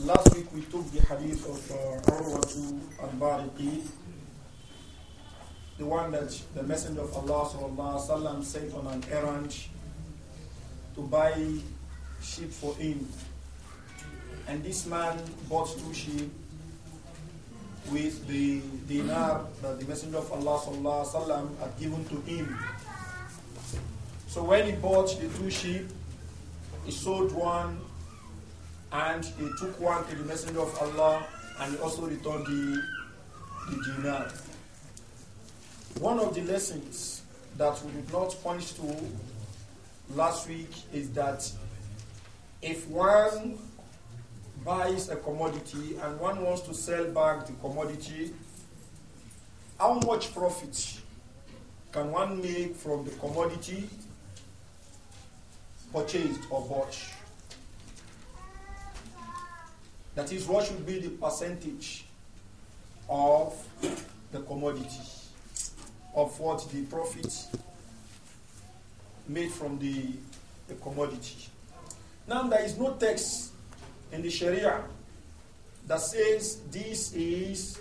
Last week we took the hadith of uh, Urwatu al-Bariqi, the one that the Messenger of Allah وسلم, sent on an errand to buy sheep for him. And this man bought two sheep with the dinar that the Messenger of Allah وسلم, had given to him. So when he bought the two sheep, he sold one and he took one to the Messenger of Allah and he also returned the, the dinar. One of the lessons that we did not point to last week is that if one buys a commodity and one wants to sell back the commodity, how much profit can one make from the commodity purchased or bought? That is, what should be the percentage of the commodity, of what the profit made from the, the commodity. Now, there is no text in the Sharia that says this is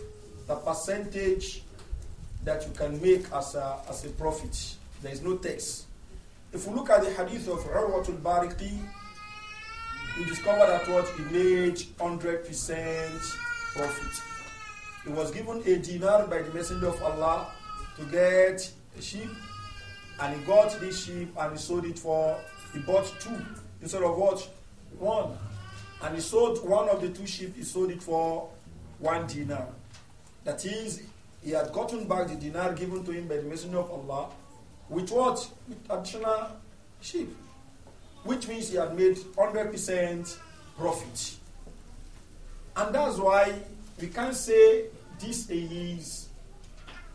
the percentage that you can make as a, as a profit. There is no text. If we look at the hadith of Urwatul Bariqi, you discover that what he made 100% profit. He was given a dinar by the messenger of Allah to get a sheep, and he got this sheep and he sold it for, he bought two instead of what? One. And he sold one of the two sheep, he sold it for one dinar. That is, he had gotten back the dinar given to him by the messenger of Allah with what? With additional sheep which means he had made 100% profit. And that's why we can't say this is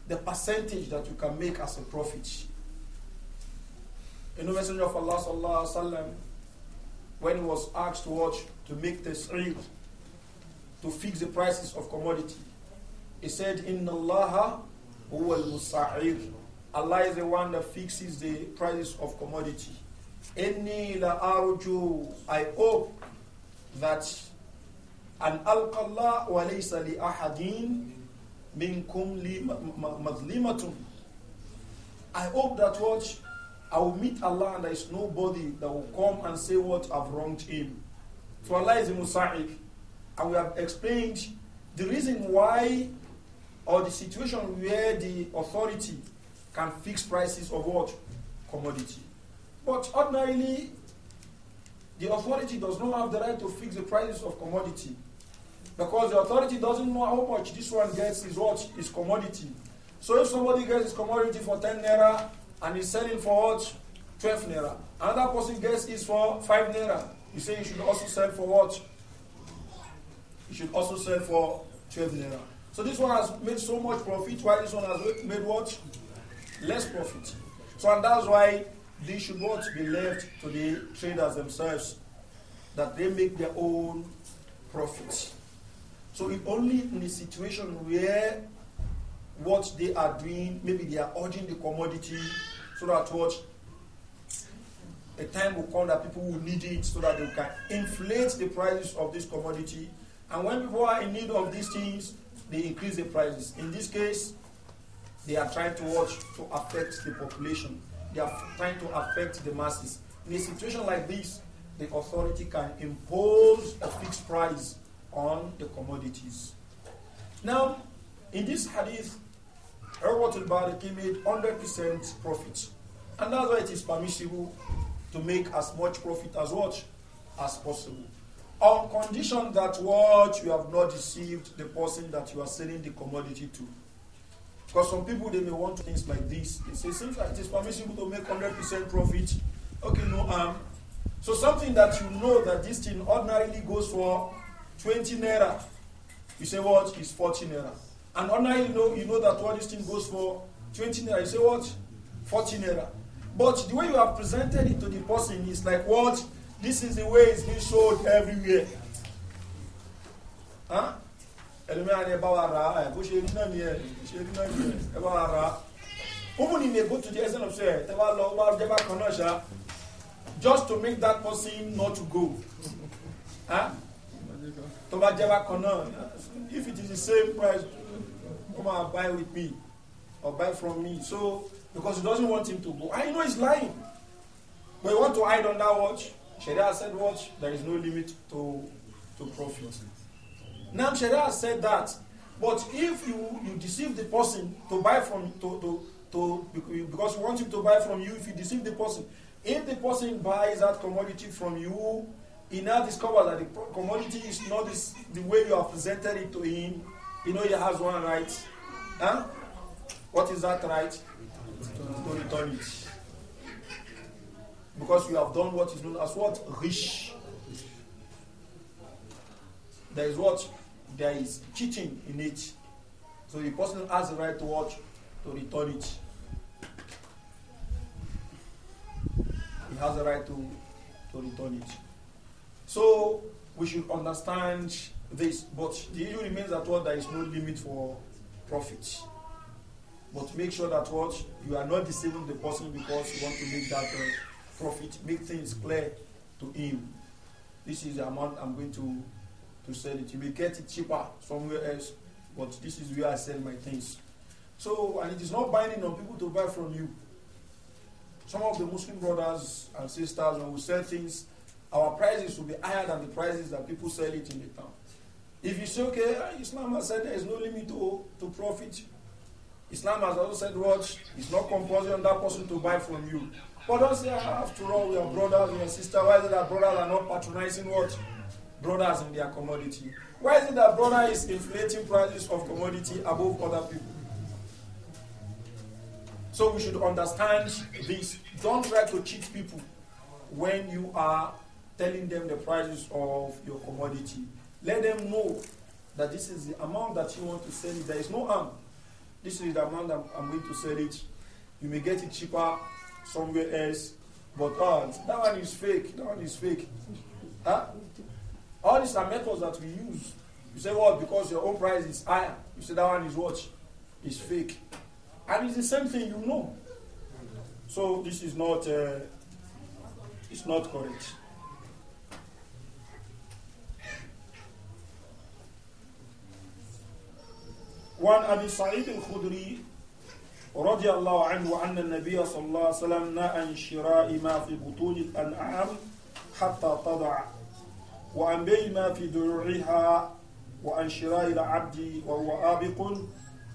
the percentage that you can make as a profit. In the Messenger of Allah sallallahu alaihi wasallam, when he was asked to watch to make the sale, to fix the prices of commodity, he said, "In Allah al Allah is the one that fixes the prices of commodity." Inni la arju, I hope that an alqallah wa laysa li ahadin minkum li madlimatun. I hope that what I will meet Allah and there is nobody that will come and say what I've wronged him. So Allah is Musa'ik. And we have explained the reason why or the situation where the authority can fix prices of what? Commodity. But ordinarily, the authority does not have the right to fix the prices of commodity because the authority doesn't know how much this one gets is what is commodity. So if somebody gets his commodity for 10 naira and is selling for what 12 naira, another person gets is for 5 naira. You say you should also sell for what? You should also sell for 12 naira. So this one has made so much profit, while this one has made what? Less profit. So and that's why they should not be left to the traders themselves, that they make their own profits. So if only in a situation where what they are doing, maybe they are urging the commodity so that what a time will come that people will need it so that they can inflate the prices of this commodity. And when people are in need of these things, they increase the prices. In this case, they are trying to watch to affect the population. They are trying to affect the masses. In a situation like this, the authority can impose a fixed price on the commodities. Now, in this hadith, Herbert al-Bariki made 100% profit. And that's why it is permissible to make as much profit as what? As possible. On condition that what you have not deceived the person that you are selling the commodity to. Because some people they may want things like this. They say seems like it is permissible to make hundred percent profit. Okay, no harm. so something that you know that this thing ordinarily goes for twenty naira, you say what is forty naira, and ordinarily you know you know that what this thing goes for twenty naira. You say what forty naira. But the way you have presented it to the person is like what this is the way it's being sold everywhere. Huh? ẹlòmíràn ẹ bá wa rà á bó ṣe rí náà ni ẹ ṣe rí náà ni ẹ bá wa rà á even in a go to the extent of tẹ bá lọ wá jẹ bá kan náà ṣá just to make that person not to go tó bá jẹ bá kan náà if it is the same price come and buy with me or buy from me so because he doesn't want him to go I you know he's lying but he want to hide under watch sharia said watch there is no limit to to profit. Now Sharia said that, but if you, you deceive the person to buy from to, to, to because you want him to buy from you, if you deceive the person, if the person buys that commodity from you, he now discovers that the commodity is not this, the way you have presented it to him. You know he has one right. Huh? What is that right? To return it. Because you have done what is known as what? Rich. There is what? there is cheating in it. So the person has the right to watch to return it. He has the right to, to return it. So we should understand this, but the issue remains that what there is no limit for profit. But make sure that what you are not deceiving the person because you want to make that uh, profit, make things clear to him. This is the amount I'm going to to sell it. You may get it cheaper somewhere else, but this is where I sell my things. So, and it is not binding on people to buy from you. Some of the Muslim brothers and sisters, when we sell things, our prices will be higher than the prices that people sell it in the town. If you say, okay, ah, Islam has said there is no limit to, to profit, Islam has also said what? It's not compulsory on that person to buy from you. But don't say, ah, after all, we are brothers, we are sisters. Why is it that brothers are not patronizing what? brothers in their commodity. Why is it that brother is inflating prices of commodity above other people? So we should understand this. Don't try to cheat people when you are telling them the prices of your commodity. Let them know that this is the amount that you want to sell it. There is no harm. This is the amount I'm, I'm going to sell it. You may get it cheaper somewhere else, but uh, that one is fake. That one is fake. Huh? All these are methods that we use. You say, well, because your own price is higher. You say that one is what? It's fake. And it's the same thing you know. So this is not, uh, it's not correct. وعن أبي سعيد الخدري رضي الله عنه أن النبي صلى الله عليه وسلم نأى عن ما في بطون الأنعام حتى تضع وعن بيع ما في ضيوعها وعن شراء العبد وهو آبق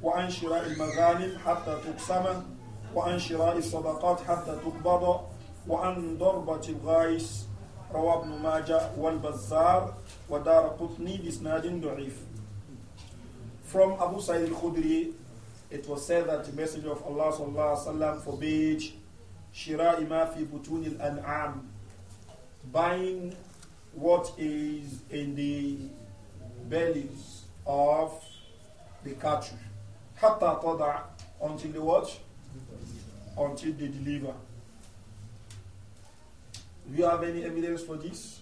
وعن شراء المغانم حتى تقسم وعن شراء الصدقات حتى تقبض وعن ضربة الغايس روى ابن ماجه والبزار ودار قطني بسناد ضعيف From Abu Sayyid al-Khudri, it was said that the Messenger of Allah sallallahu alaihi wasallam forbade shira'i ma fi butun al-an'am, buying what is in the bellies of the cattle. Hatta toda until the what? Until they deliver. Do you have any evidence for this?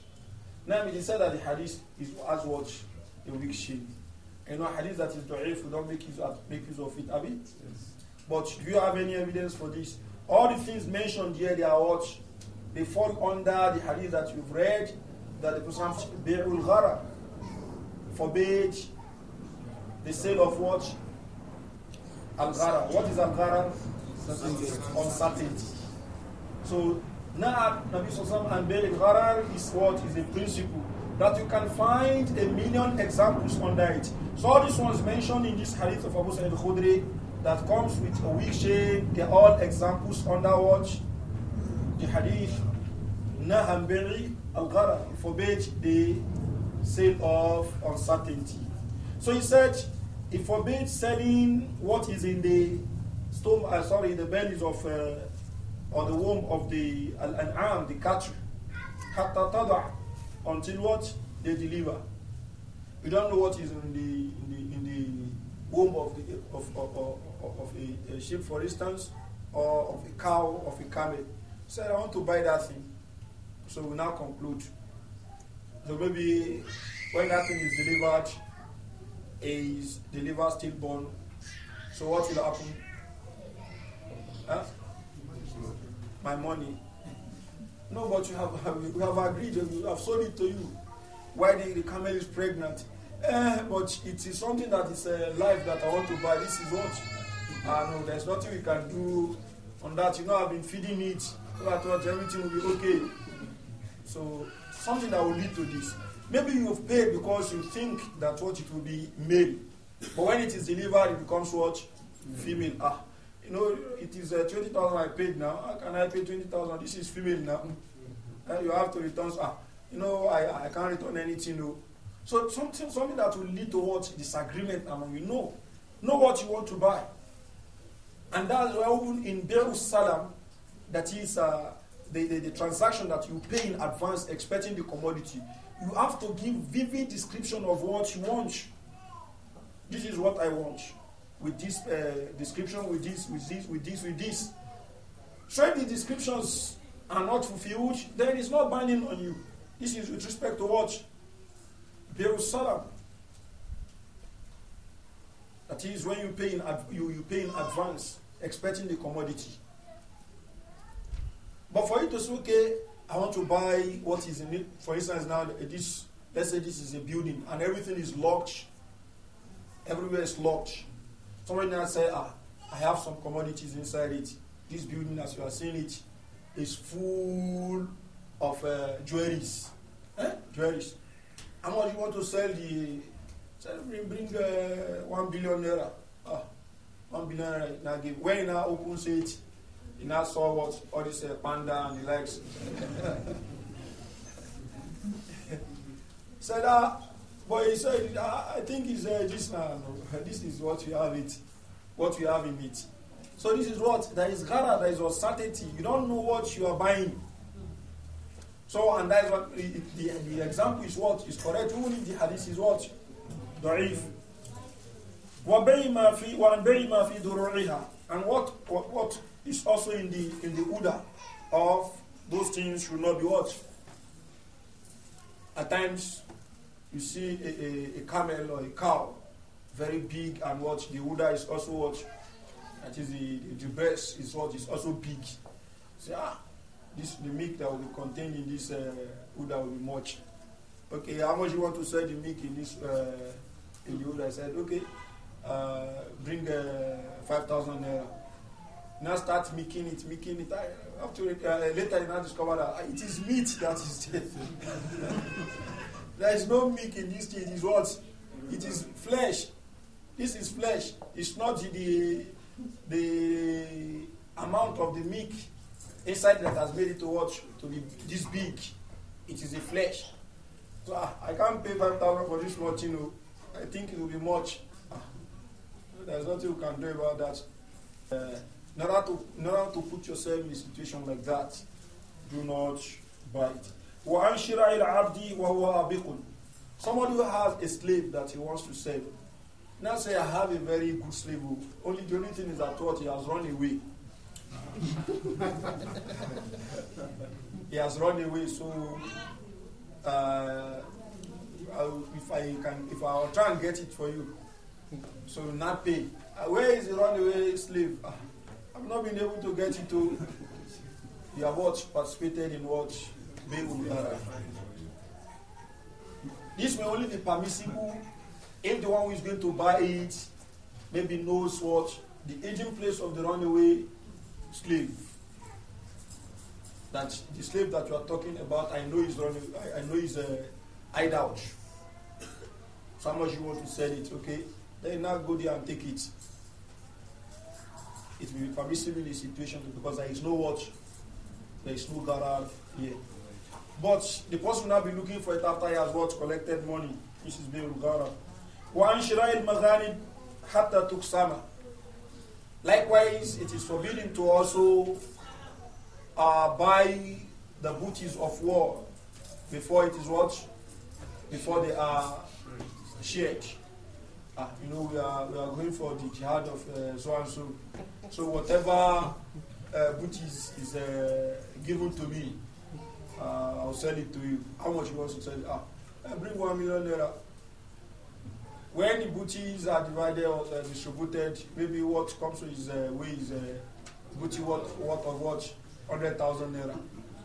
Now, it is said that the hadith is as what? A weak shield. You know, hadith that is da'if, we don't make use, of, make use of it, have it? Yes. But do you have any evidence for this? All the things mentioned here, they are what? They fall under the hadith that you've read that the Prophet Bi'ul Ghara forbade the sale of what? Al Ghara. What is Al Ghara? Uncertainty. So, Na'ab, Nabi Sallallahu and Bi'ul Ghara is what? Is a principle that you can find a million examples under it. So, all these ones mentioned in this hadith of Abu Sa'id Khudri that comes with a weak shade, they're all examples under watch. The hadith. and Bi'ul Al-Ghara, he forbade the sale of uncertainty. So he said, he forbade selling what is in the stomach, uh, sorry, in the bellies of, uh, or the womb of the al-an'am, the cattle. Hatta until what? They deliver. We don't know what is in the, in the, in the womb of, the, of, of, of, of a, a sheep, for instance, or of a cow, of a camel. Said, so I want to buy that thing. So we now conclude. So maybe when that thing is delivered, is delivered stillborn. So what will happen? Huh? My money. No, but you have we have agreed and we have sold it to you. Why the, the camel is pregnant? Eh, but it is something that is a eh, life that I want to buy. This is what. Ah no, there's nothing we can do on that. You know, I've been feeding it. So I thought everything will be okay. So something that will lead to this. Maybe you've paid because you think that what it will be male. But when it is delivered, it becomes what? Female. Ah, you know, it is uh, 20,000 I paid now. How can I pay 20,000? This is female now. Uh, you have to return. Ah, you know, I, I can't return anything. No. Oh. So something, something that will lead to what disagreement among you. Know, know what you want to buy. And that's why in Beirut Salam, that is uh, the, the, the transaction that you pay in advance expecting the commodity, you have to give vivid description of what you want. This is what I want. With this uh, description, with this, with this, with this, with this. So if the descriptions are not fulfilled, there is no binding on you. This is with respect to what? Jerusalem. That is when you pay in, you, you pay in advance, expecting the commodity. But for you to say, okay, I want to buy what is in it. For instance, now this, let's say this is a building and everything is locked. Everywhere is locked. Somebody now say, ah, I have some commodities inside it. This building, as you are seeing it, is full of uh, jewelries. Eh? Jewelries. How much you want to sell the? Sell bring bring uh, one billion naira. Ah, one billion naira. Now give. When you now open say it he now saw what all panda and the likes. said, that, ah, but he said, I think it's just uh, this now. This is what we have it, what we have in it. So this is what there is gara, there is uncertainty. You don't know what you are buying. So and that is what the, the, example is what is correct. Only the hadith is what ضعيف وبيع ما في وعن بيع ما في دروعها and what what, what is also in the in the order of those things should not be watched. At times, you see a, a, a camel or a cow, very big and what the order is also watched. that is the, the, the breast is what is also big. Say ah, this the milk that will be contained in this uh, order will be much. Okay, how much you want to sell the milk in this uh, in the order? I said okay, uh, bring uh, five thousand naira now start making it, making it. I have to, uh, later you now discover that ah, it is meat that is there. there is no meat in this thing. It is what? It is flesh. This is flesh. It's not the the amount of the meat inside that has made it to watch to be this big. It is the flesh. So ah, I can't pay five thousand for this watch. You know, I think it will be much. Ah, there's nothing you can do about that. Uh, in order to, in order to put yourself in a situation like that, do not bite. وعن شراء العبد وهو Somebody who has a slave that he wants to save. Now say I have a very good slave. Only the only thing is I thought he has run away. he has run away. So uh, if I can, if I'll try and get it for you, so not pay. Uh, where is the runaway slave? Ah. I've not been able to get you to. You have what? Participated in what? This may only be permissible if the one who is going to buy it maybe knows what the aging place of the runaway slave. That the slave that you are talking about, I know is running, I, I know is a hideout. So much you want to sell it, okay? Then now go there and take it it will be permissible in a situation because there is no watch, there is no guard here. But the person will not be looking for it after he has what collected money, which is being garab. Likewise, it is forbidden to also uh, buy the booty of war before it is what? Before they are shared. Uh, you know, we are, we are going for the jihad of uh, so and so. So whatever uh, which is, is uh, given to me, uh, I'll sell it to you. How much you want to sell it? Ah, I eh, bring one million naira. When the booties are divided or uh, distributed, maybe what comes to his uh, way is uh, booty worth, worth of what? 100,000 naira.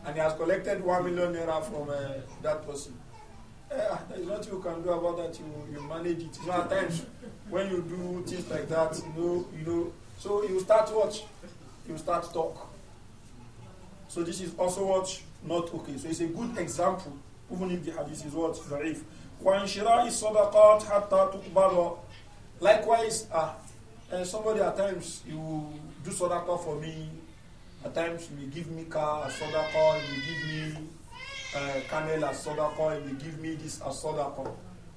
And he has collected 1 million naira from that person. Uh, there's nothing you can do about that. You, you manage it. You know, at times, when you do things like that, you know, you know so you start watch, You start talk. So this is also what? Not okay. So it's a good example, even if the hadith is what? Da'if. وَانْشِرَاءِ الصَّدَقَاتِ حَتَّى تُقْبَلَ Likewise, ah, uh, somebody at times, you do sadaqah for me. At times, you give me car as sadaqah, you give me uh, camel as sadaqah, you give me this as sadaqah.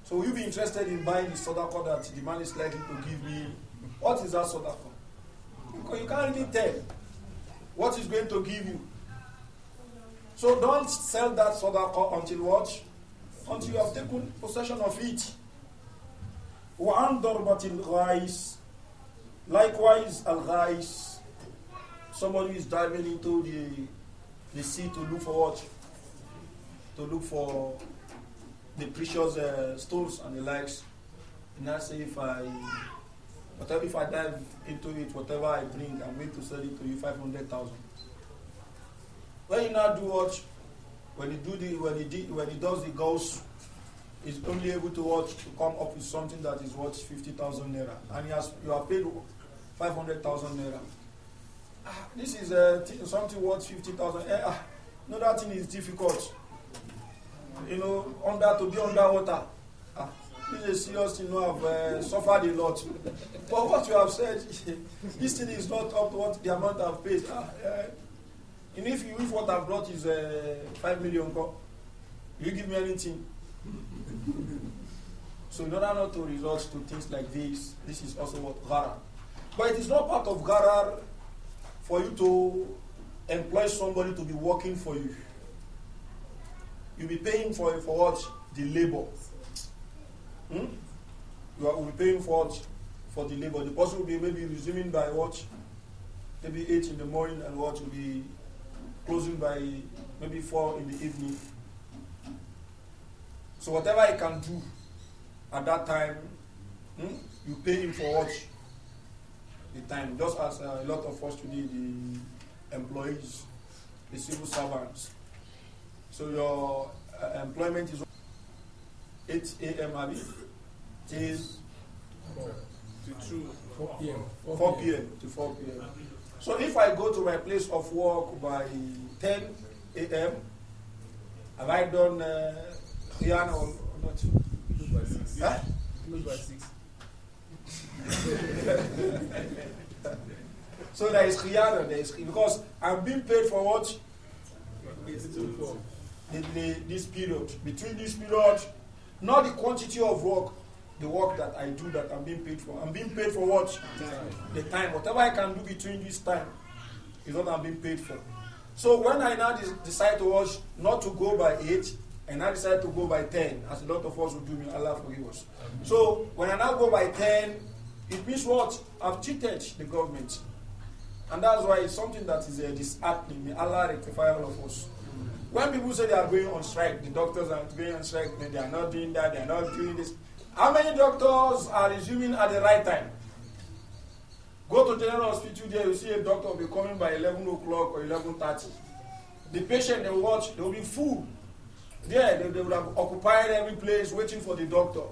So will you be interested in buying the sadaqah that the man is likely to give me? What is that sadaqah? You can't even tell what is going to give you. So don't sell that sadaqah until what? Until you have taken possession of it. وعن ضربة الغائس Likewise, al-ghais, somebody is diving into the, the sea to look for what? To look for the precious uh, stones and the likes. And I say, if I Whatever if I dive into it, whatever I bring, I'm going to sell it to you five hundred thousand. When you now do what when you do the when you did when he does the goals, he's only able to watch to come up with something that is worth fifty thousand naira. And he has you have paid five hundred thousand naira. Ah, this is uh, something worth fifty thousand. Eh, ah, another no, that thing is difficult. You know, under to be underwater. This is a serious thing. You know, I've uh, suffered a lot. But what you have said, this thing is not up to what the amount I've paid. Uh, uh, and if, you, if what I've brought is uh, 5 million, you give me anything. so, in order not to resort to things like this, this is also what gara. But it is not part of gara for you to employ somebody to be working for you. You'll be paying for, for what? The labor. Hmm? You are repaying paying for for the labor. The person will be maybe resuming by what? Maybe eight in the morning and what will be closing by maybe four in the evening. So whatever he can do at that time, hmm, you pay him for what? The time. Just as uh, a lot of us today, the employees, the civil servants. So your uh, employment is 8 a.m. Is four, to two, four p.m. Four, p.m. to four p.m. So if I go to my place of work by ten a.m., have I done uh, Rihanna or not? by six. so there is Rihanna, there is because I'm being paid for what? The, the, this period between this period, not the quantity of work, the work that I do that I'm being paid for. I'm being paid for what? The time. Whatever I can do between this time is what I'm being paid for. So when I now decide to watch, not to go by 8, and I decide to go by 10, as a lot of us will do, may Allah forgive us. So when I now go by 10, it means what? I've cheated the government. And that's why it's something that is uh, disheartening. May Allah rectify all of us. When people say they are going on strike, the doctors are going on strike, they are not doing that, they are not doing this. How many doctors are resuming at the right time? Go to general hospital there, you see a doctor will be coming by 11 o'clock or 11.30. The patient, they will watch, they will be full. There, they, they will have occupied every place waiting for the doctor.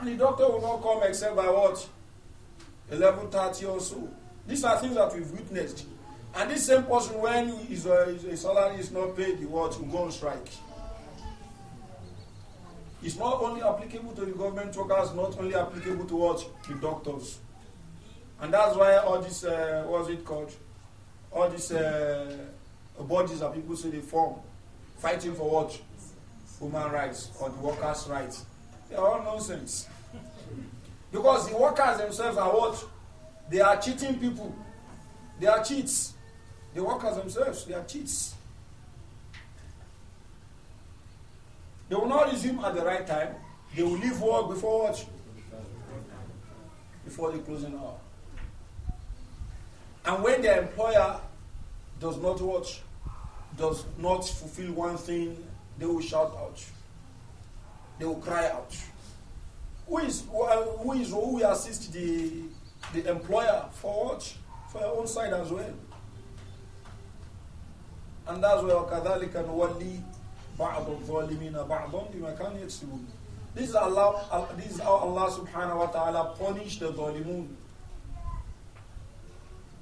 And the doctor will not come except by what? 11.30 or so. These are things that we've witnessed. And this same person, when his, uh, his salary is not paid, he what? will go on strike. It's not only applicable to the government workers, not only applicable to what? The doctors. And that's why all this, uh, what's it called? All these uh, bodies that people say they form, fighting for what? Human rights or the workers' rights. They're all nonsense. Because the workers themselves are what? They are cheating people. They are cheats. The workers themselves, they are cheats. They will not resume at the right time. They will leave work before what? Before the closing hour. And when the employer does not watch, does not fulfill one thing, they will shout out. They will cry out. Who is who is who will assist the the employer for what? For your own side as well. And that's where and Wali. This is Allah, this is how Allah subhanahu wa ta'ala punished the zalimun.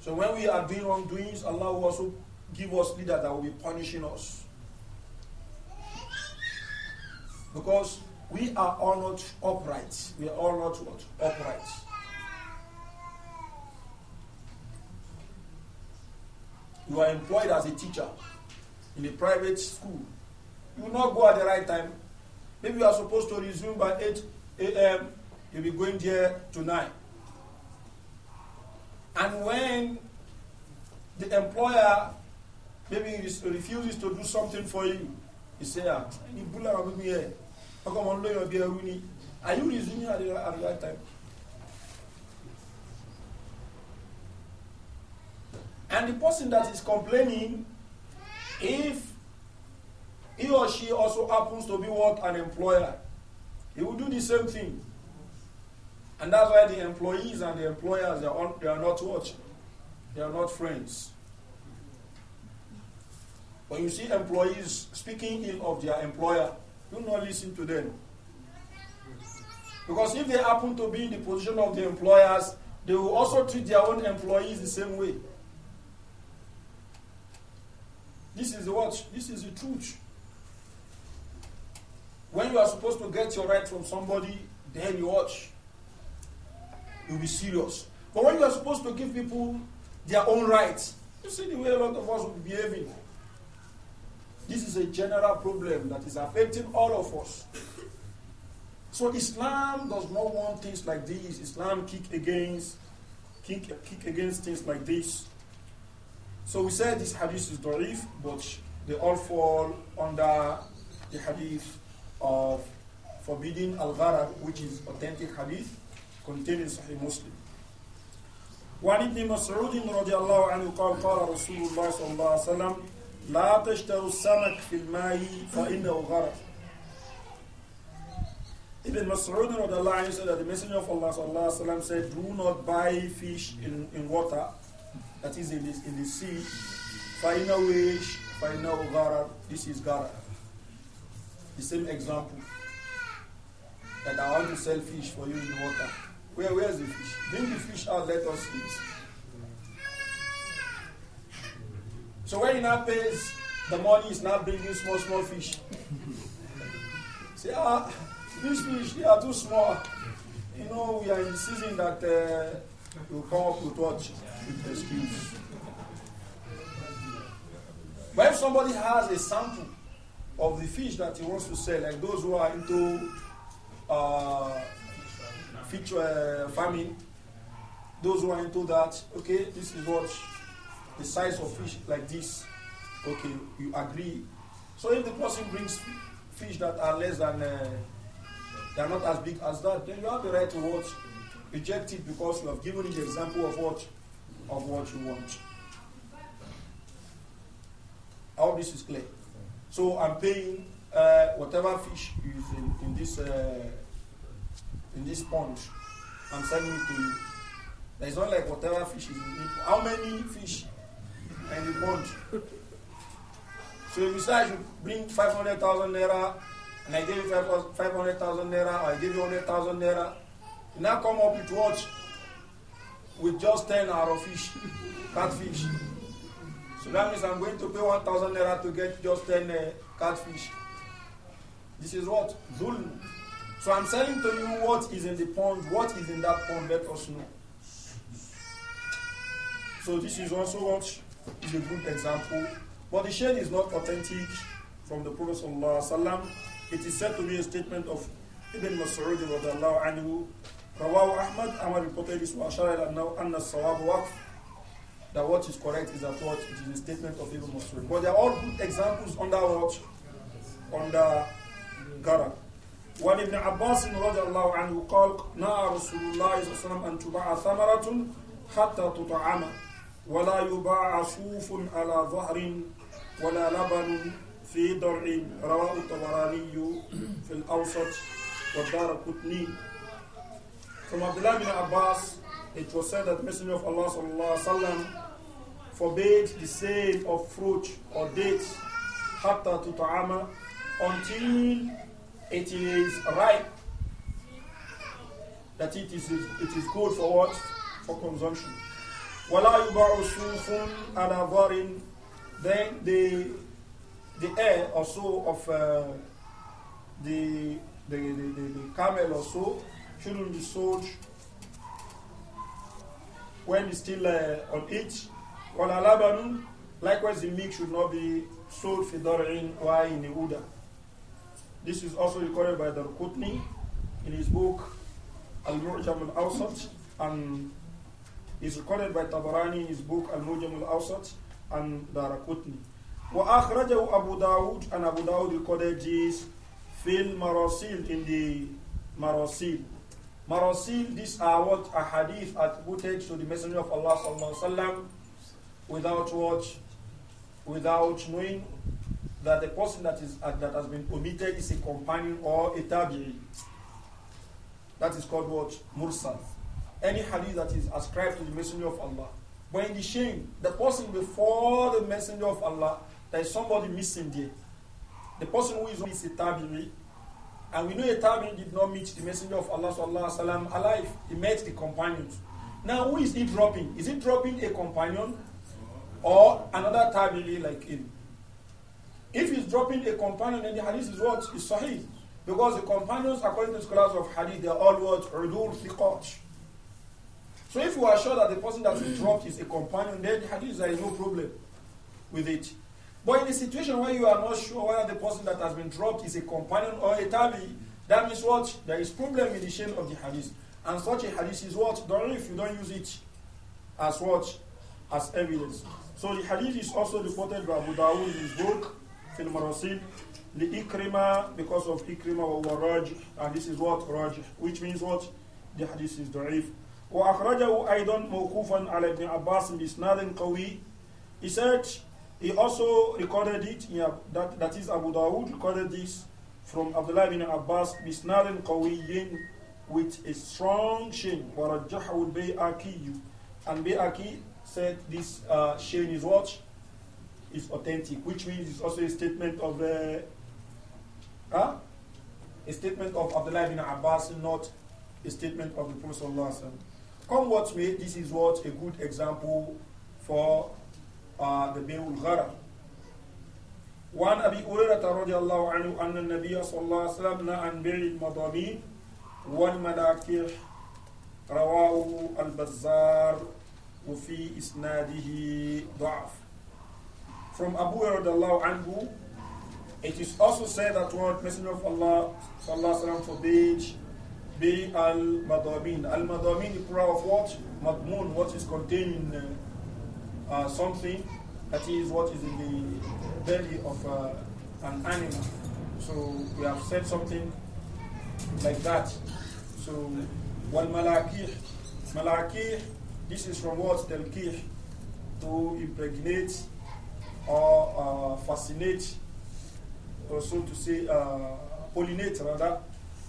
So when we are doing wrongdoings, Allah will also give us leaders that will be punishing us. Because we are all not upright. We are all not what? Upright. You are employed as a teacher in a private school you will not go at the right time. Maybe you are supposed to resume by 8 a.m., you'll be going there tonight. And when the employer maybe refuses to do something for you, you say, ah, ni bula ma here. How come Are you resuming at the right time? And the person that is complaining, if he or she also happens to be what an employer, he will do the same thing. And that's why the employees and the employers they are, on, they are not what? They are not friends. When you see employees speaking ill of their employer, do not listen to them. Because if they happen to be in the position of the employers, they will also treat their own employees the same way. This is what? This is the truth. When you are supposed to get your right from somebody, then you watch. You'll be serious. But when you are supposed to give people their own rights, you see the way a lot of us will be behaving. This is a general problem that is affecting all of us. So Islam does not want things like this. Islam kick against kick, kick against things like this. So we said this hadith is da'if, but they all fall under the hadith of forbidding al-gharab, which is authentic hadith, containing Sahih Muslim. وعن ابن مسعود رضي الله عنه قال قال رسول الله صلى الله عليه وسلم لا تشتروا السمك في الماء فإنه غرق Ibn Mas'ud said that the Messenger of Allah sallallahu said, Do not buy fish in, in water, that is in the, in the sea. Faina wish, faina ugara, this is gara the same example that I want to sell fish for you in the water. Where where's the fish? Bring the fish out, let us eat. So when he now pays the money, is now bringing small, small fish. Say, ah, these fish, they are too small. You know, we are in the season that uh, will come up with what? With excuse. But if somebody has a sample of the fish that he wants to sell, like those who are into uh, fish uh, farming, those who are into that, okay, this is what the size of fish like this, okay, you agree. So if the person brings fish that are less than, uh, they are not as big as that, then you have the right to what? Reject it because you have given the example of what, of what you want. All this is clear. So I'm paying uh, whatever fish is in, in this uh, in this pond. I'm selling it to you. There's not like whatever fish is in it. How many fish in the pond? So if you say I should bring 500,000 naira, and I give you 500,000 naira, or I give you 100,000 naira, you now come up with what? With just 10 of fish, catfish. So that means I'm going to pay 1,000 naira to get just 10 uh, catfish. This is what? So I'm selling to you what is in the pond, what is in that pond, let us know. So this is also what is a good example. But the shade is not authentic from the Prophet Sallallahu It is said to be a statement of Ibn Mas'ud radiallahu anhu. Rawahu Ahmad, Ahmad reported this, wa ashara ila anna sawab waqf that what is correct is that what it is a statement of Ibn Masud. But they are all good examples under what? Under Gara. وعن ابن عباس رضي الله عنه قال نهى رسول الله صلى الله عليه وسلم أن تباع ثمرة حتى تطعم ولا يباع صوف على ظهر ولا لبن في درع رواه الطبراني في الأوسط والدار قطني From Abdullah Ibn Abbas, it was said that Messenger of Allah sallallahu alaihi wasallam forbade the sale of fruit or dates hatta tut'ama until it is ripe that it is it is good for what for consumption ولا يباع صوف على ضار then the the air also of uh, the, the, the, the camel also shouldn't be sold when it's still uh, on it Wala labanun, likewise the milk should not be sold fidarin or in the Uda. This is also recorded by the Rukutni in his book Al-Mu'jam al-Awsat and is recorded by Tabarani in his book Al-Mu'jam al-Awsat and Wa وأخرجه Abu Dawud and Abu Dawud recorded this fil marasil in the marasil. Marasil, these are what a hadith attributed to the Messenger of Allah sallallahu alaihi wasallam without what? Without knowing that the person that is uh, that has been omitted is a companion or a tabi'i. That is called what? Mursal. Any hadith that is ascribed to the Messenger of Allah. when the shame, the person before the Messenger of Allah, there is somebody missing there. The person who is is a tabi'i. And we know a tabi'i did not meet the Messenger of Allah sallallahu alaihi wasallam alive. He met the companions. Now, who is he dropping? Is he dropping a companion or another tabi'i like him. If he's dropping a companion, then the hadith is what? Is sahih. Because the companions, according to scholars of hadith, they are all what? Udul thiqat. So if you are sure that the person that you dropped is a companion, then the hadith there is no problem with it. But in a situation where you are not sure whether the person that has been dropped is a companion or a tabi, that means what? There is problem in the shape of the hadith. And such a hadith is what? Don't if you don't use it as what? As evidence. So the hadith is also reported by Abu Dawud in his book, Fil Marasil, the Ikrima, because of Ikrima wa Raj, and this is what? Raj, which means what? The hadith is da'if. وأخرجه أيضا موقوفا على ابن عباس بإسناد قوي. He said he also recorded it, in, that, that is Abu Dawud recorded this from Abdullah bin Abbas بإسناد قوي with a strong chain. ورجحه البيعقي and Bayaki said this uh, shear in watch is authentic, which means it's also a statement of uh, huh? a statement of Abdullah bin Abbas, not a statement of the Prophet Sallallahu Come what may, this is what a good example for uh, the Beirul Ghara. وعن أبي هريرة رضي الله عنه أن النبي صلى الله عليه وسلم نهى عن بيع المضامين والملاكح رواه البزار وفي إسناده ضعف From Abu Hurairah, anhu, it is also said that what Messenger of Allah sallallahu alaihi wasallam forbade be al-madamin. Al-madamin, is plural of what? Madmun, what is contained in uh, uh, something that is what is in the belly of uh, an animal. So we have said something like that. So, wal malakih. Malakih this is from what? Telkih, to impregnate or uh, fascinate, or so to say, uh, pollinate rather.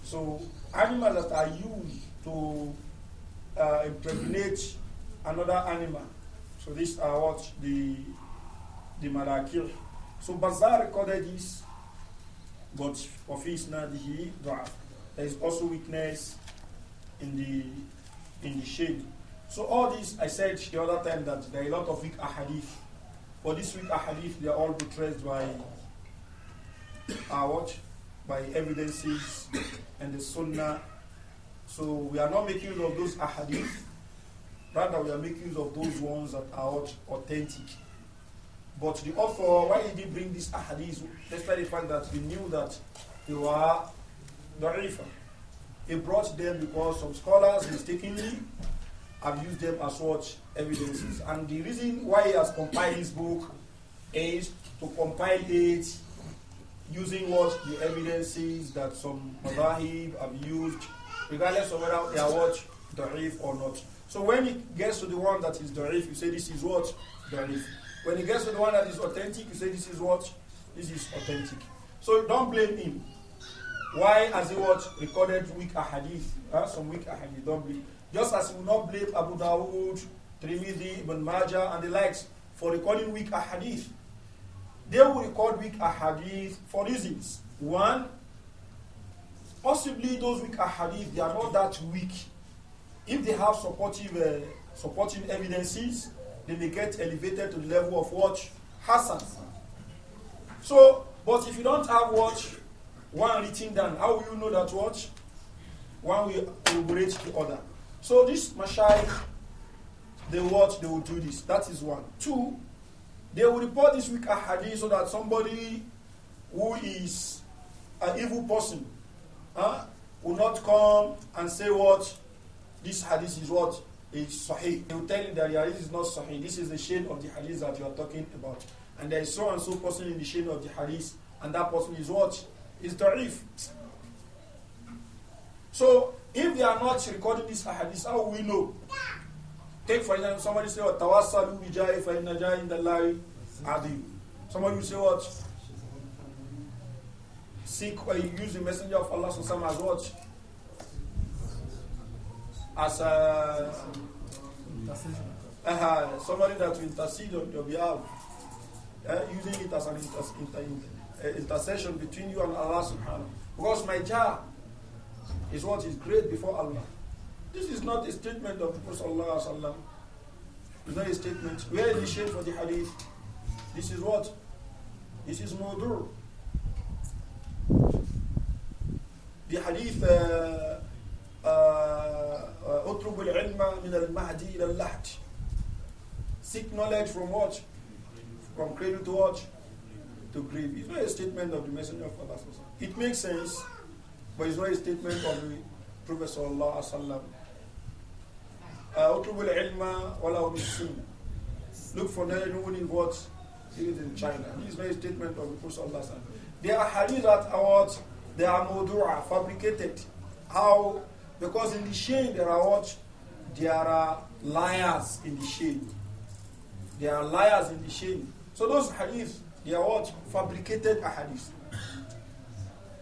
So animals that are used to uh, impregnate another animal. So these are what the the malakir. So Bazar recorded this, but of his nadihi There is also weakness in the in the shade. So all these, I said the other time that there are a lot of weak ahadith. For this weak ahadith, they are all buttressed by our uh, watch, by evidences and the sunnah. So we are not making use of those ahadith. Rather, we are making use of those ones that are authentic. But the author, why did he bring these ahadith? Despite the fact that he knew that they were da'ifah. He brought them because some scholars mistakenly I've used them as such evidences. And the reason why he has compiled this book is to compile it using what the evidences that some madahib have used, regardless of whether they are what darif or not. So when it gets to the one that is darif, you say this is what darif. When it gets to the one that is authentic, you say this is what this is authentic. So don't blame him. Why has he what recorded weak ahadith? Huh? Some weak ahadith. Don't blame. Just as we will not blame Abu Dawood, Trimidi, Ibn Majah, and the likes for recording weak ahadith. They will record weak ahadith for reasons. One, possibly those weak ahadith, they are not that weak. If they have supportive, uh, supporting evidences, they may get elevated to the level of what? Hassan. So, but if you don't have what? One written down, how will you know that what? One will corroborate the other. So this mashayikh, they what they will do this. That is one. Two, they will report this weak hadith so that somebody who is an evil person huh, will not come and say what this hadith is what is sahih. They will tell you that the hadith is not sahih. This is the shade of the hadith that you are talking about. And there is so and so person in the shade of the hadith, and that person is what? Is da'if. So if they are not recording this hadith, how we know? Take for example, somebody say, what oh, tawassalu bijai fa in the life, adim. Somebody will say what? Seek uh, or use the messenger of Allah so some as what? As a uh, uh-huh, somebody that will intercede on your behalf, uh, using it as an inter inter intercession between you and Allah subhanahu. Because my job is what is great before Allah. This is not a statement of the Prophet. It's not a statement. Where is the shade for the hadith? This is what? This is Mudur. The hadith uh, uh, uh, Seek knowledge from what? From cradle to what? To grief. It's not a statement of the messenger of Allah. It makes sense but it's not a statement of the Prophet sallallahu alaihi wasallam. Uh, Look for anyone in what is in China. This is not a statement of the Prophet sallallahu alaihi wasallam. There are hadith that are what they are mawdu'a, fabricated. How? Because in the shade there are what? There are liars in the shade. There are liars in the shade. So those hadith, they are what? Fabricated hadith.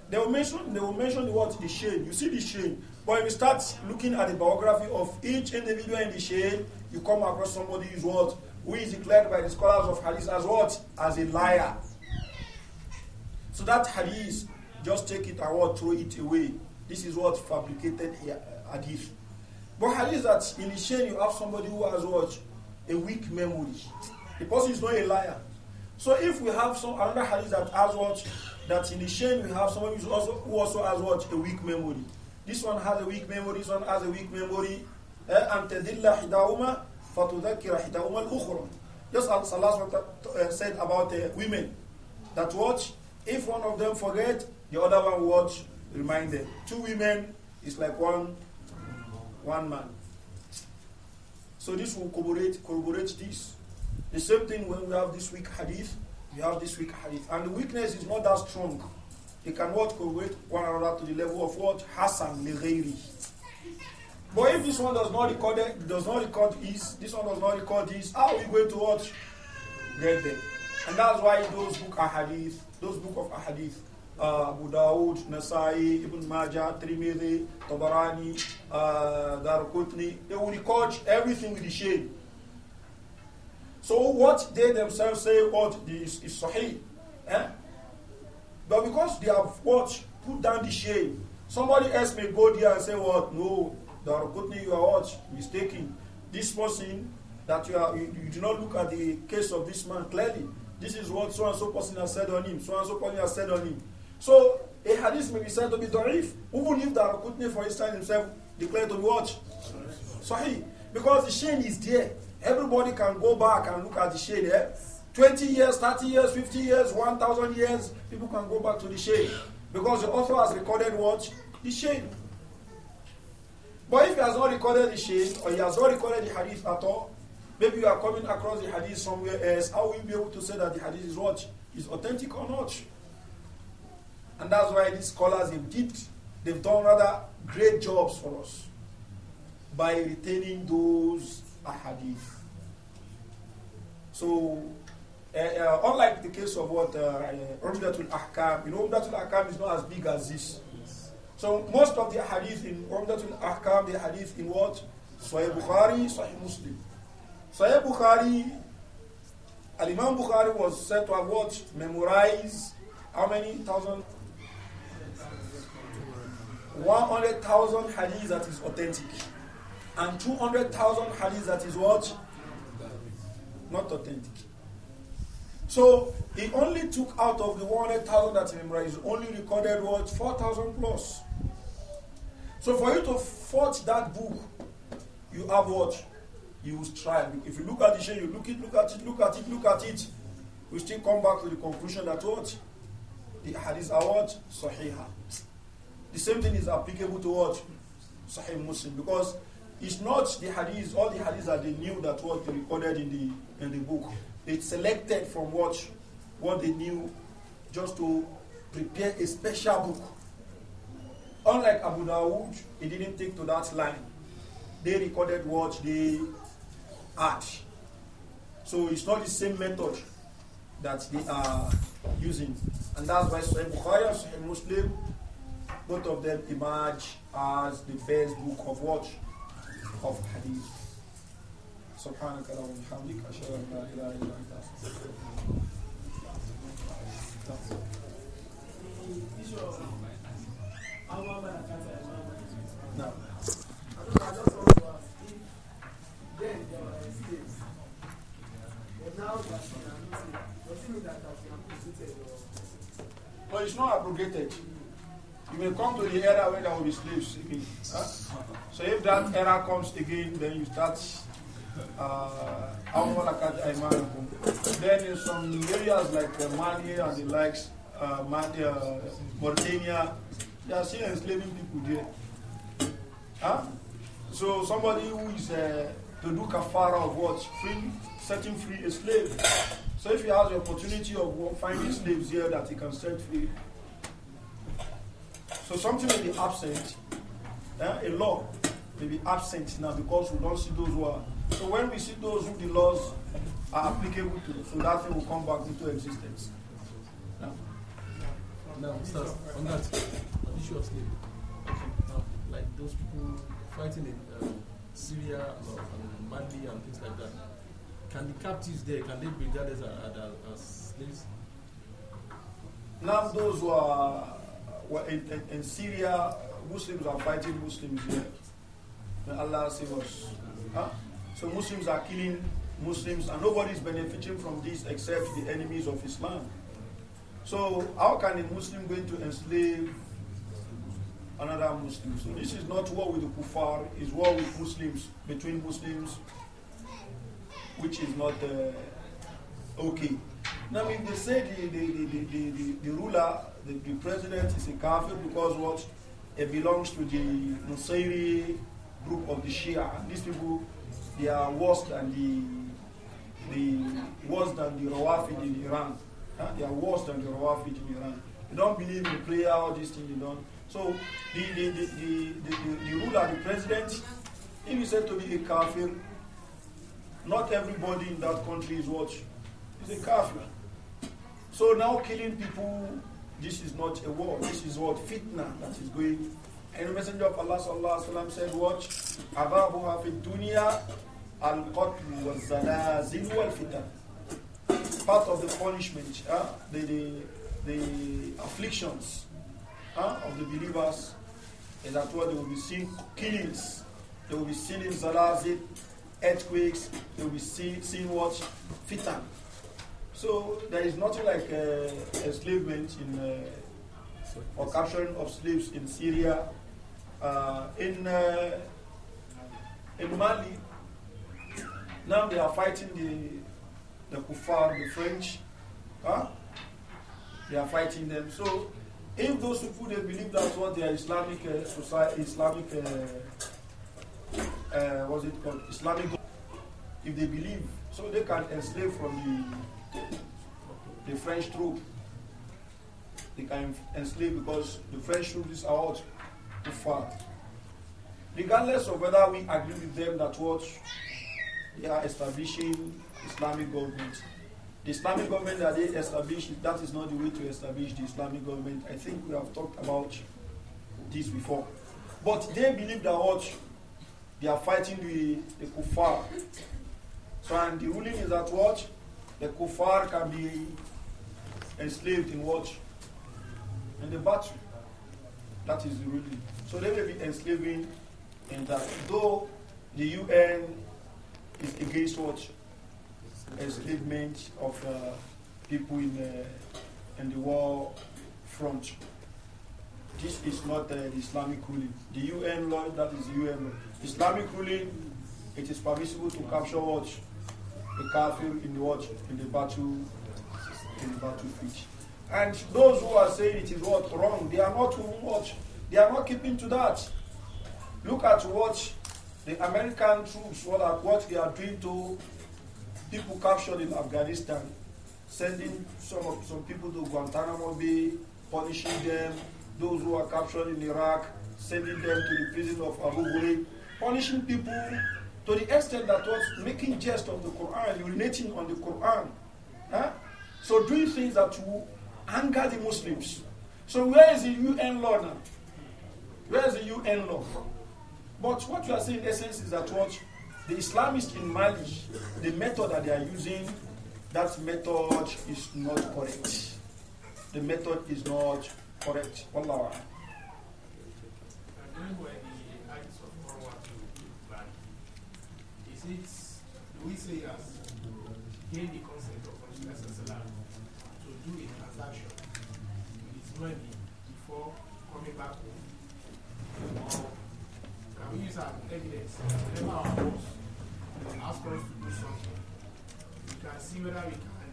They will mention they will mention the word the shame. You see the shame. But if you start looking at the biography of each individual in the shame, you come across somebody who is what? Who is declared by the scholars of hadith as what? As a liar. So that hadith, just take it and what throw it away. This is what fabricated uh, hadith. But hadith that in the shame you have somebody who has what? A weak memory. The person is not a liar. So if we have some another hadith that has what that in the chain we have someone who also, who also has what? A weak memory. This one has a weak memory, this one has a weak memory. أن تذل إحداهما فتذكر إحداهما الأخرى. Just as Allah eh, said about uh, women, that watch, if one of them forget, the other one watch, remind them. Two women is like one, one man. So this will corroborate, corroborate this. The same thing when we have this weak hadith we have this weak hadith. And the weakness is not that strong. They cannot correlate one another to the level of what? Hassan Lighairi. But if this one does not record it, does not record this, this one does not record this, how are we going to what? Get there. And that's why those book hadith, those book of hadith, uh, Abu Nasai, Ibn Majah, Trimidi, Tabarani, uh, Darqutni, they will record everything with the shade. So what they themselves say what is, is sahih. Eh? But because they have what put down the shame, somebody else may go there and say what no, Darukutni, you are what mistaken. This person that you are you, you do not look at the case of this man clearly. This is what so and so person has said on him, so and so person has said on him. So a hadith may be said to be da'if, even if Darukutni, for instance, himself declared to be what? Sahih. Because the shame is there. Everybody can go back and look at the shade. Eh? 20 years, 30 years, 50 years, 1,000 years, people can go back to the shade. Because the author has recorded what? The shade. But if he has not recorded the shade, or he has not recorded the hadith at all, maybe you are coming across the hadith somewhere else, how will you be able to say that the hadith is what? Is authentic or not? And that's why these scholars have did, they've done rather great jobs for us by retaining those ahadith. So, uh, uh, unlike the case of what uh, Umdatul uh, Ahkam, you know, Umdatul Ahkam is not as big as this. So, most of the hadith in Umdatul Ahkam, the hadith in what? Sahih Bukhari, Sahih Muslim. Sahih Bukhari, Al Imam Bukhari was said to have what? Memorized how many thousand? 100,000 hadith that is authentic and 200,000 hadith that is what? Not authentic. So he only took out of the 100,000 that he memorized, only recorded what? 4,000 plus. So for you to forge that book, you have what? You will try. If you look at the shade, you look it, look at it, look at it, look at it. We still come back to the conclusion that what? The hadith are what? Sahiha. The same thing is applicable to what? Sahih Muslim. Because it's not the hadiths, all the hadiths that they knew that what they recorded in the, in the book. They selected from what, what they knew just to prepare a special book. Unlike Abu Dawood, he didn't take to that line. They recorded what they had. So it's not the same method that they are using. And that's why Sahih Bukhari and Muslim, both of them emerge as the best book of what? حفظ حديث سبحانك اللهم وبحمدك أشهد أن لا إله إلا أنت نعم Well, it's not abrogated. You may come to the era where there will be slaves again. Huh? So if that era comes again, then you start uh, then in some areas like uh, Mali and the likes, uh, Mali, uh, Mauritania, they are still enslaving people there. Huh? So somebody who is uh, to do kafara of what? Free, setting free a slave. So if he has the opportunity of finding slaves here that he can set free, so something may be absent. Yeah? A law may be absent now because we don't see those who are. So when we see those who the laws are applicable to, so that thing will come back into existence. Now, now on that on issue of slavery. Now, like those people fighting in uh, Syria and Mali and things like that. Can the captives there can they be regarded as, as, as slaves? Now those who are well, in, in, in, Syria, Muslims are fighting Muslims here. May Allah save us. Huh? So Muslims are killing Muslims, and nobody is benefiting from this except the enemies of Islam. So how can a Muslim going to enslave another Muslim? So this is not war with the kuffar; it's war with Muslims between Muslims, which is not uh, okay. Now, if they say the, the, the, the, the, the ruler, the, the, president is a kafir because what? It belongs to the Nusayri group of the Shia. And these people, they are worse than the, the worse than the Rawafid in Iran. Huh? They are worse than the Rawafid in Iran. They don't believe in prayer, all these things you don't. So the, the, the, the, the, the ruler, the president, if he said to be a kafir, not everybody in that country is watch. It's a kafir. So now killing people, this is not a war. This is what fitna that is going. And the Messenger of Allah sallallahu alaihi wasallam said, "Watch, ababu fi dunya al qatl wal zalazil wal fitan." Part of the punishment, uh, the, the, the afflictions uh, of the believers is that what they will be seeing killings, they will be seeing zalazil, earthquakes, they will be seeing, seeing what fitan so there is nothing like uh, enslavement in uh, or capturing of slaves in Syria, uh, in uh, in Mali. Now they are fighting the the Kufar, the French. Huh? They are fighting them. So if those people they believe that's what their Islamic uh, society, Islamic uh, uh was it called Islamic, if they believe, so they can enslave from the the French troop. They can enslave because the French troop is out too far. Regardless of whether we agree with them that what they are establishing Islamic government. The Islamic government that they establish, that is not the way to establish the Islamic government. I think we have talked about this before. But they believe that what they are fighting the, the kuffar. So and the ruling is that what the kufar can be enslaved in what? In the battle. That is really So they may be enslaving in that. Though the UN is against what? Enslavement of uh, people in, uh, in the war front. This is not the Islamic ruling. The UN law, that is the UN Islamic ruling, it is permissible to capture what? the kafir in the what? In the battle, in the battle battlefield. And those who are saying it is what wrong, they are not what they are not keeping to that. Look at what the American troops, what, what they are doing to people captured in Afghanistan, sending some of, some people to Guantanamo Bay, punishing them. Those who are captured in Iraq, sending them to the prison of Abu Ghraib, punishing people to the extent that was making jest of the Quran, urinating on the Quran. Huh? So doing things that will anger the Muslims. So where is the UN law now? Where is the UN law? But what you are saying in essence is that what the Islamists in Mali, the method that they are using, that method is not correct. The method is not correct. Wallah. translates, we say as gain the consent of Rasulullah to do a transaction with his money before coming back home. Or can we use as evidence whenever our boss asks us to do something, we can see whether we can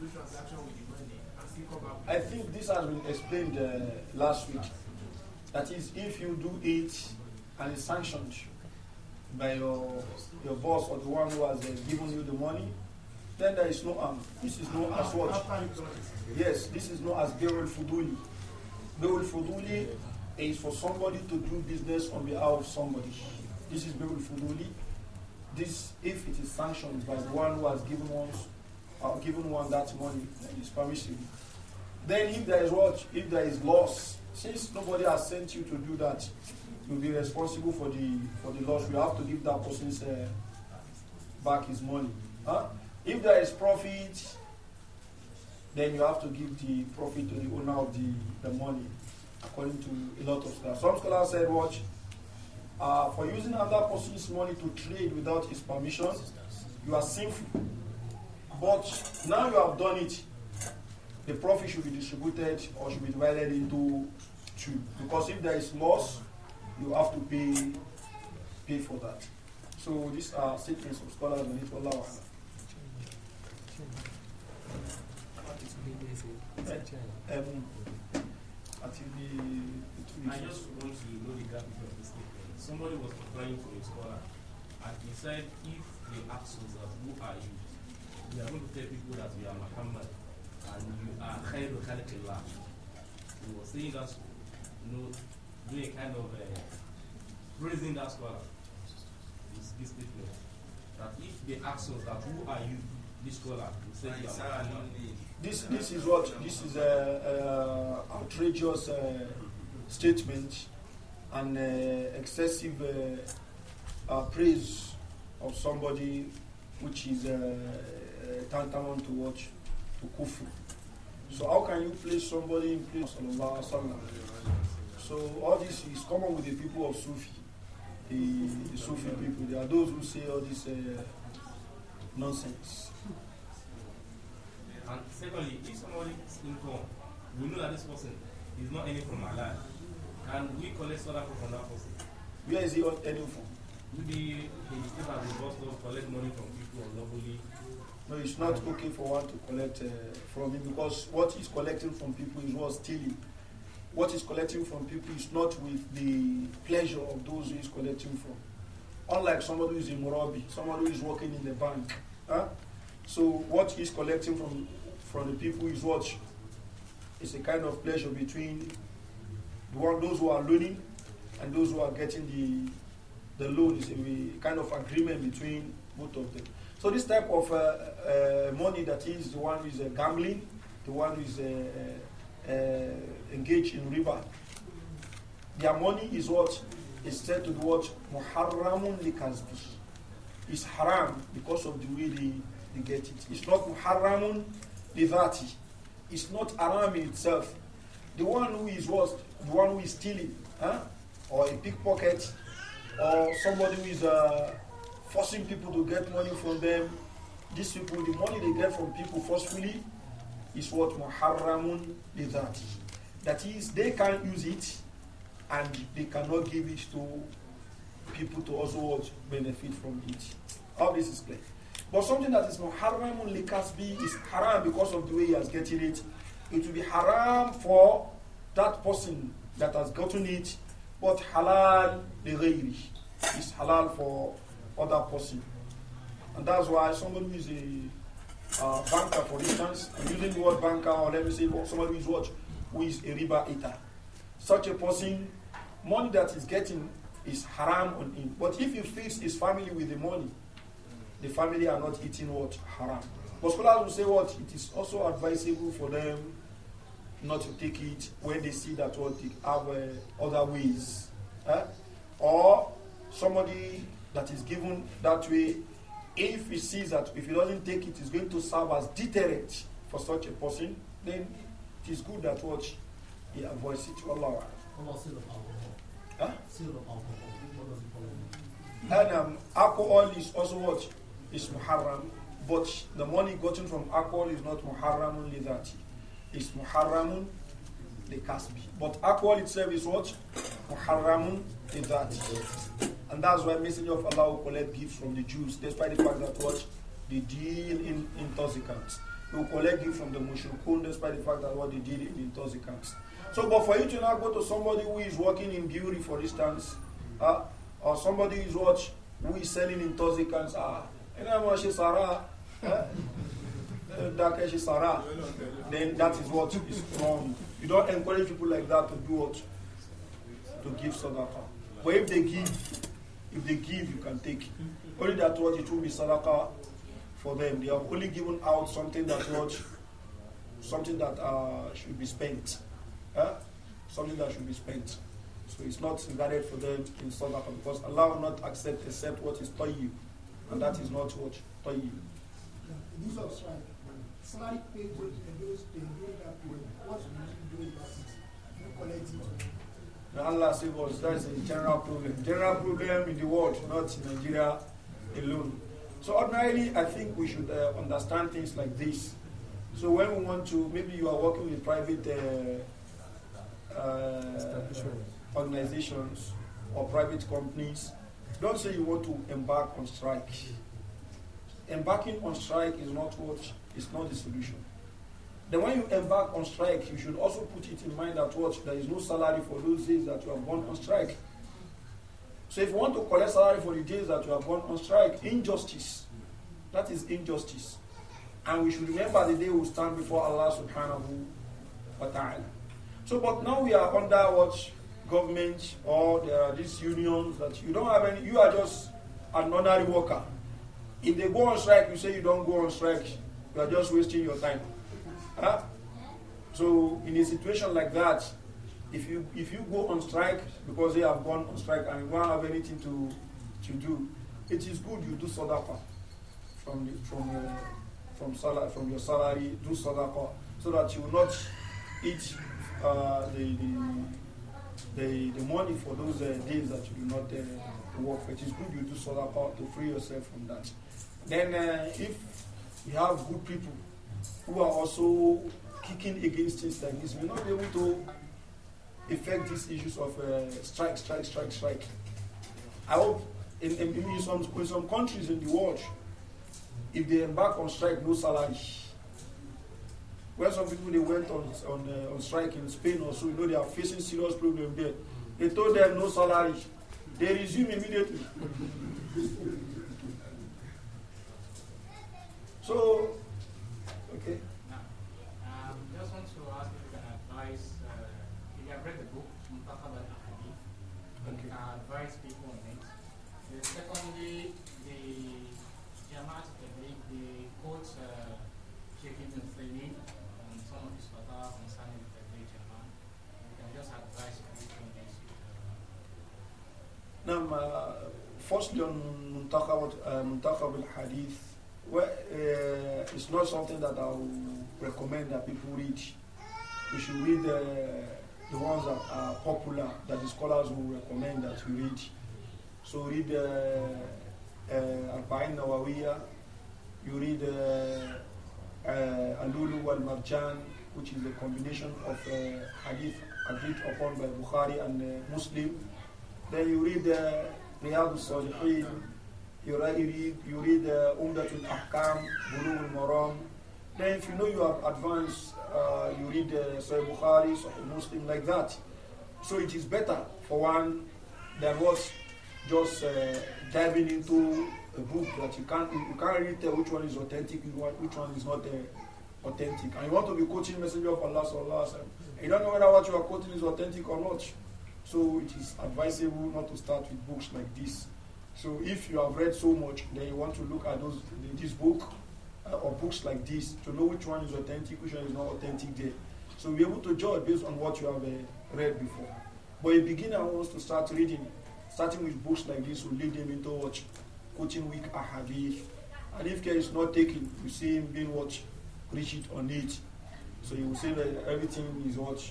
do transaction with the money and still come back. I think this has been explained uh, last week. That is, if you do it and it's sanctioned, by your, your boss or the one who has uh, given you the money, then there is no harm. This is no as what? Yes, this is no as Beryl Fuduli. Beryl Fuduli is for somebody to do business on behalf of somebody. This is Beryl Fuduli. This, if it is sanctioned by the one who has given one, uh, given one that money, then it's permissible. Then if there is what? If there is loss, since nobody has sent you to do that, will be responsible for the for the loss. We have to give that person uh, back his money. Huh? If there is profit, then you have to give the profit to the owner of the, the money, according to a lot of scholars. Some scholars said, watch, uh, for using another person's money to trade without his permission, you are sinful. But now you have done it, the profit should be distributed or should be divided into two. Because if there is loss, you have to pay pay for that. So these are statements of scholars on it. Wallahu eh, um, I just want to know the gap of this statement. Somebody was applying for a scholar and he said if they ask us who are you, we are going to tell people that we are Muhammad and you are Khairul Khalqillah. He was saying that no do a kind of uh, praising that scholar, this, this statement, that if they ask us that who are you, this scholar say This, this is what, this is a, a outrageous uh, statement and uh, excessive uh, praise of somebody which is uh, uh, tantamount to watch to kufu. So how can you place somebody in place of Allah so all this is common with the people of Sufi, the, the Sufi people. There are those who say all this uh, nonsense. And secondly, if somebody is informed, we know that this person is not any from land, and we collect sadaqah from that person. Where is he earning from? Maybe he still has the boss collect money from people unlawfully. No, it's not okay for one to collect uh, from him because what he's collecting from people is what's stealing what he's collecting from people is not with the pleasure of those who he's collecting from. Unlike somebody who is a Morabi, somebody who is working in the bank. Huh? So what he's collecting from from the people is what is a kind of pleasure between the one, those who are loaning and those who are getting the the loan. It's a kind of agreement between both of them. So this type of uh, uh, money that is the one is uh, gambling, the one who is uh, uh, engage in riba. Their money is what is said to be what? Muharramun likazbi. It's haram because of the way they, they get it. It's not muharramun lidati. It's not haram in itself. The one who is what? The one who is stealing, huh? or a pickpocket, or somebody who is uh, forcing people to get money from them. These people, the money they get from people forcefully is what muharramun lidati. That is, they can use it and they cannot give it to people to also benefit from it. All this is clear. But something that is haram muharramun likasbi is haram because of the way he has gotten it. It will be haram for that person that has gotten it, but halal lighairi is halal for other person. And that's why somebody who is a uh, banker, for instance, I'm using the word banker, or let me say somebody who is what who is a riba eater. Such a person, money that he's getting is haram on him. But if he feeds his family with the money, the family are not eating what? Haram. But scholars will say what? It is also advisable for them not to take it when they see that what they have uh, other ways. Eh? Or somebody that is given that way, if he sees that if he doesn't take it, it's going to serve as deterrent for such a person, then it is good that what he avoids it. Allah. Huh? And um, alcohol is also what is muharram, but the money gotten from alcohol is not only that. It's the likasbi. But alcohol itself is what muharramun that, and that's why Messenger of Allah will collect gifts from the Jews, despite the fact that what they deal in intoxicants will collect you from the Mushukun despite the fact that what they did in intoxicants. So, but for you to now go to somebody who is working in beauty, for instance, uh, or somebody who is what who is selling intoxicants, ah, uh, Sarah, eh? Eh, Sarah, then that is what is wrong. You don't encourage people like that to do what? To give sadaqah. But if they give, if they give, you can take. Only that what it will be sadaqah for them. They have only given out something that not something that uh, should be spent, huh? something that should be spent. So it's not regarded for them in South Africa because Allah will not accept except what is tayyib, and that is not what tayyib. Yeah, these are right. Slight pages and those they know that what you do is you collect it. Now Allah save us. That is a general problem. General problem in the world, not in Nigeria alone. So ordinarily, I think we should uh, understand things like this. So when we want to, maybe you are working with private uh, uh, organizations or private companies, don't say you want to embark on strike. Embarking on strike is not what is not the solution. Then when you embark on strike, you should also put it in mind that what there is no salary for those days that you have gone on strike. So if you want to collect salary for the days that you have gone on strike, injustice. That is injustice. And we should remember the day we stand before Allah subhanahu wa ta'ala. So but now we are under what government or there are these unions that you don't have any you are just an ordinary worker. If they go on strike, you say you don't go on strike, you are just wasting your time. Huh? So in a situation like that, if you if you go on strike because they have gone on strike and you don't have anything to to do, it is good you do sadaqa from the, from your, from salary from your salary do sadaqa so that you will not eat uh, the, the, the the money for those uh, days that you do not uh, work. It is good you do sadaqa to free yourself from that. Then uh, if you have good people who are also kicking against things like this, you will not be able to effect these issues of uh, strike, strike, strike, strike. I hope in, in, some, in some countries in the world, if they embark on strike, no salary. Where some people they went on on, uh, on strike in Spain also, you know they are facing serious problem there. They told them no salary. They resume immediately. so نعم فصل منتخب منتخب الحديث well, it's not something that I would recommend that people read. You should read the ones that are popular, that the scholars will recommend that you read. So read Al uh, Nawawiya, you read uh, uh, Alulu uh, uh, Marjan, which is a combination of uh, hadith agreed upon by Bukhari and Muslim. Then you read the Riyadh al-Salihin, you read, you read Umdat al-Ahkam, Bulu al-Maram. Then if you know you are advanced, uh, you read uh, Sahih Bukhari, Sahih Muslim, like that. So it is better for one than was just uh, diving into a book that you can't you can't really tell which one is authentic, which one is not uh, authentic. And you want to be quoting Messenger of Allah so alaihi wasallam. You don't know whether what you are quoting is authentic or not. So it is advisable not to start with books like this. So if you have read so much, then you want to look at those this book uh, or books like this to know which one is authentic, which one is not authentic there. So be able to judge based on what you have uh, read before. But a beginner wants to start reading, starting with books like this will lead them into what? Quoting weak ahadith. And if care is not taken, you see him being what? it on it. So you will say that everything is what?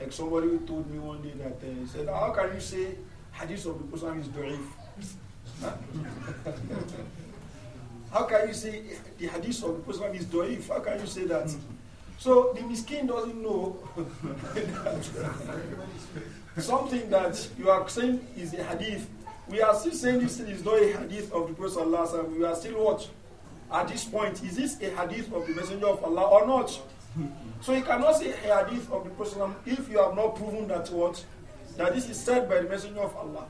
Like somebody told me one day that uh, he said, How can you say hadith of the Prophet is da'if? How can you say the hadith of the Prophet is doif? How can you say that? Hmm. So the miskin doesn't know something that you are saying is a hadith. We are still saying this is not a hadith of the Prophet. Allah, we are still what? At this point, is this a hadith of the Messenger of Allah or not? Hmm. So you cannot say hadith of the Prophet if you have not proven that what that this is said by the Messenger of Allah.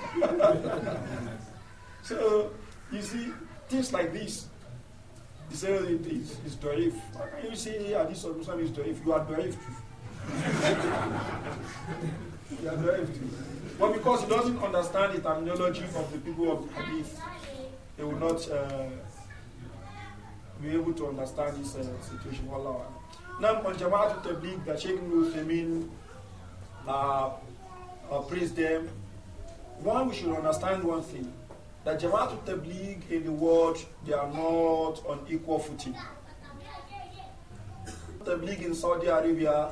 so you see things like this. Is say oh, it is How can you say hadith of Muslim is doif? You are doif. you are doif. But because he doesn't understand the terminology of the people of the hadith, he will not. Uh, be able to understand this uh, situation. Now, on Jama'at Tabligh, the Sheikh Nuthamin uh, uh, praised them. One, we should understand one thing that Jama'at Tabligh in the world, they are not on equal footing. Tabligh in Saudi Arabia,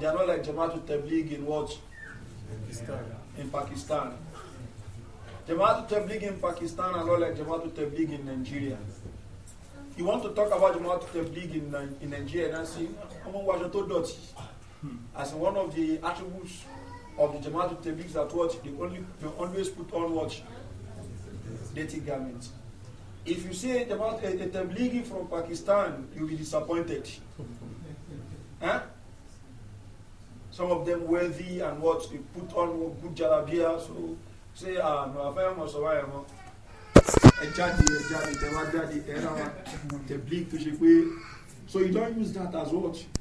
they are not like Jama'at Tabligh in what? Pakistan. In Pakistan. Jama'at Tabligh in Pakistan are not like Jama'at Tabligh in Nigeria you want to talk about the Tabligh in, uh, in Nigeria and I am hmm. Omo as one of the attributes of the Jamaat that what they only they always put on watch dating garments. If you see eh, the Tabligh from Pakistan, you'll be disappointed. huh? Some of them wealthy and what they put on good jalabia, so say, ah, no, I a survivor ẹ jáde ẹ jáde tẹ wá jáde ẹ ra wa tẹ blink tó ṣe pé so you don't use that as what